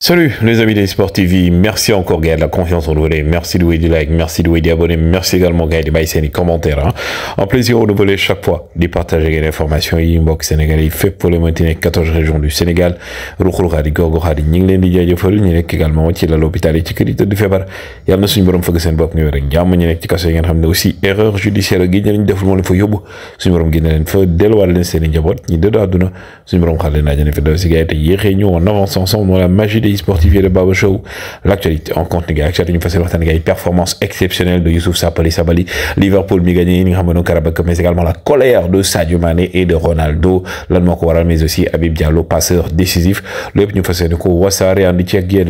Salut les amis des Sport TV, merci encore Gaël de la confiance en nous, merci de vous du like, merci de vous des abonnés, merci également Gaël de baisser les commentaires. Hein. En plaisir de voler chaque fois de partager les informations inbox sénégalais fait pour les maintenir 14 régions du Sénégal. Roukhoukhar di Gorgoukhar di ñu ngi leen di jaajëfal ñu nekk également ci l'hôpital yi ci kër yi tëdd feebar yàlla na suñu borom fëgg seen bopp nga wér ak jàmm ñu ci kaso yi ngeen aussi erreur judiciaire gi ñu deful moo leen fa yóbbu suñu borom génne leen fa delluwaat leen seen i njaboot ñi dëdd àdduna suñu borom xaar leen fi daw si gars yi ñu en avance ensemble dans la magie pays sportifs et le Baba Show l'actualité en compte gars ak ñu fassé waxtaan performance exceptionnelle de Youssouf Sabaly Sabaly Liverpool mi gagné Karabak, nga mais également la colère de Sadio Mané et de Ronaldo lan moo mais aussi Habib Diallo passeur décisif lépp ñu fassé ko wasaare andi ci ak yéen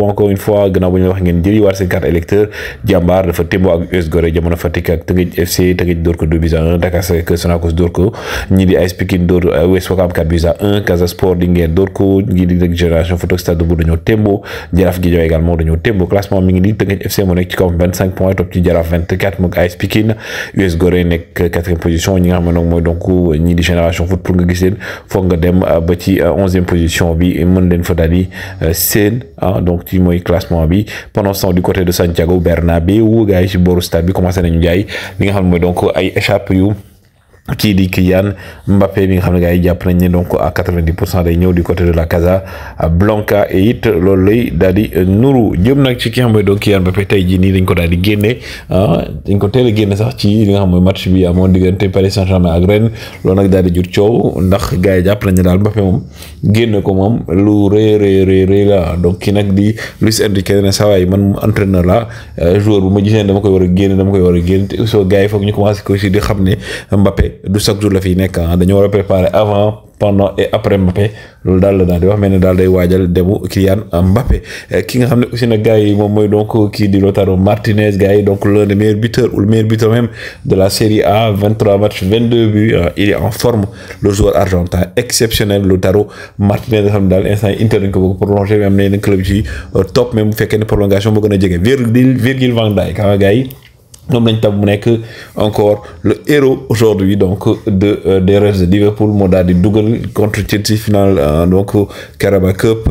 encore une fois Gna bu ñu wax ngeen jëli électeurs. seen carte électeur jàmbaar dafa témboo ak US FC Teungueth dóor 2 bis à 1 Dakar Sonakos cœur Sonacos dóor ko ñii di AS 4 bis 1 Casa Sport Linguère dóor ko ñii di Génération Stade bu Tembo, thèmes jaraaf gi également dañoo Tembo, classement mi ngi nii Teungueth FC Monaco ci kaw 25 points top ci jaraaf 24 moog AS Pikine US Gorée nekk e position ñi nga xam ne donc ñi di génération foot pour nga gis leen foog nga dem euh, ba ci 11e euh, position bi mën leen fa dali di euh, ah, donc ci moy classement bi pendant ce du côté de Santiago Bernabeu, gars yi ci bi commencé nañu jaay li nga xam ne donc ay échappe yu kii di Kylian Mbappé bi nga xam ne gars yi jàpp nañ ne donc à quatre-vingt-dix pour cent ñëw du côté de la Casa Blanca et it loolu lay daal nuru jëm nag ci ki xam ne donc Kylian jii nii dañ ko daal di génne ah dañ ko teel a génne sax ci li nga xam mooy match nag di jur ko moom lu rëy rëy rëy kii nag di Luis Enrique ne saa waay man entraîneur la euh, joueur bu ma gisee dama koy war génne dama koy war a soo gars foog ñu commencé ko aussi di xam ne Mbappé du chaque jour la fiy nek ah dañoo préparer avant pendant et après Mbappé le dal la daal di wax mais dal day wadjal demu Kylian Mbappé eh, ki nga xamné aussi na gars yi moom donc kii di Lautaro Martinez gaay donc l'un des meilleurs buteurs ou le meilleur buteur même de la Série A 23 matchs 22 buts eh, il est en forme le joueur argentin exceptionnel Lautaro Martinez nga xam ne instant Inter dañ ko prolonger même am club yi eh, top même fekké fekkee prolongation mo gën a Virgil Virgil van Dijk ah nous avons encore le héros aujourd'hui donc de, euh, des de Liverpool, de Dougal contre Chelsea final euh, donc Carabao Cup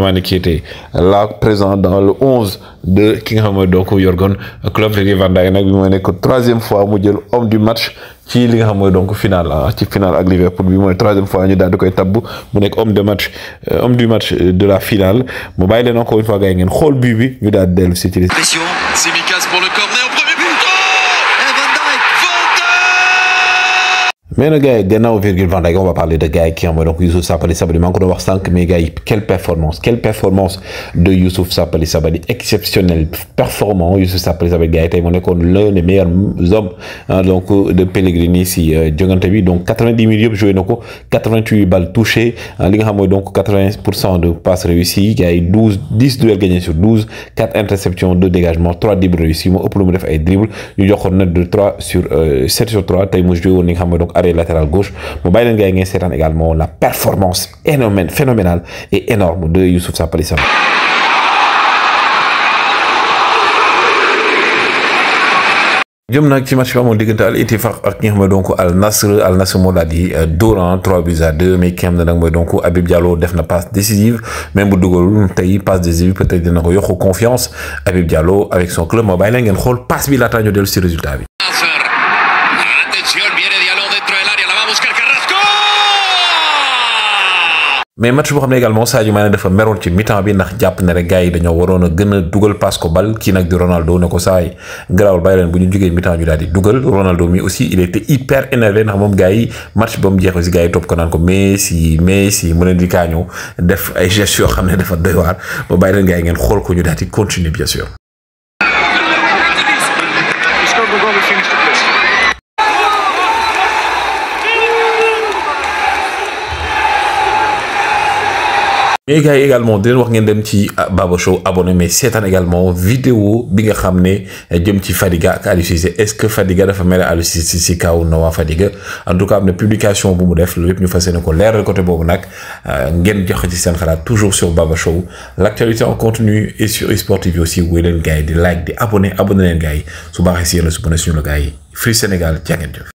Cavani qui était là présent dans le 11 de ki nga xam ne donc Jürgen Klopp Virgil van Dijk nag bi mooy nekk troisième fois mu jël homme du match ci li nga xam mooy donc final ah, ci final ak Liverpool bi mooy troisième fois ñu daal di tabbu mu nek homme de match euh, homme du match de la finale mu bàyyi nak encore une fois gars yi ngeen xool but bi ñu daal di dellu ci Mais le gars, Gennaro Virgil on va parler de gars qui envoie donc Youssouf Sapali Sabali. Mais encore, on va voir 5 mégas. Quelle performance, quelle performance de Youssouf Sapali Sabali. Exceptionnel, performant. Youssouf Sapali Sabali, gars. il m'en l'un des meilleurs hommes hein, donc, de Pellegrini ici, euh, Donc, 90 millions joués, donc 88 balles touchées. En Ligue 1, donc 80% de passes réussies. a 12, 10 duels gagnés sur 12, 4 interceptions, 2 dégagements, 3 dribbles réussis. Moi, au plus, on a fait dribble. Il y a de 3 sur, 7 euh, sur 3. Taïmou, je joue au Ligue 1, donc, arrière côté latéral gauche mu bàyyi leen ngay également la performance énorme phénoménale et énorme de Youssouf Sampaly Sarr jëm nag ci match bi amoon diggante al Ittifaq ak ñi xam donc al Nasr al Nasr moo daal di euh, dóoran ah, 3 buts à 2 mais ki nga nag mooy donc Habib Diallo def na passe décisive même bu dugalul tey passe décisive peut-être dina ko yokk confiance Habib Diallo avec son club moo bàyyi leen ngeen xool passe bi laataa ñu dellu si résultat bi. mais match boo xam ne également Sadio Mané dafa meroon ci mi-temps bi ndax jàpp ne rek gars yi dañoo waroon a gën a dugal passe ko bal nag di Ronaldo ne ko saay garaawul bàyyi leen bu ñu jógee mi ñu daal di dugal Ronaldo mi aussi il était hyper énervé ndax moom gars yi match ba mu jeex aussi gars yi topp ko naan ko Messi Messi mu leen di kaañu def ay gestes yoo xam ne dafa doy waar ba bàyyi leen gars yi ngeen xool ko ñu daal di continuer bien sûr. également des leen wax petit dem ci ah, Baba Show abonné mais un également vidéo bi nga xam ne eh, jëm ci Fadiga ak Aliou est-ce que Fadiga dafa mere Aliou Cissé ou non Noah Fadiga en tout cas une publication bu mu def loolu yëpp ñu fas yéene ko côté boobu nag euh, ngeen jox ci toujours sur Baba Show l'actualité en contenu et sur eSport TV aussi wéy leen gars yi di like di abonnés abonné leen gars yi su baaxee si yéen la gars Free Sénégal jaa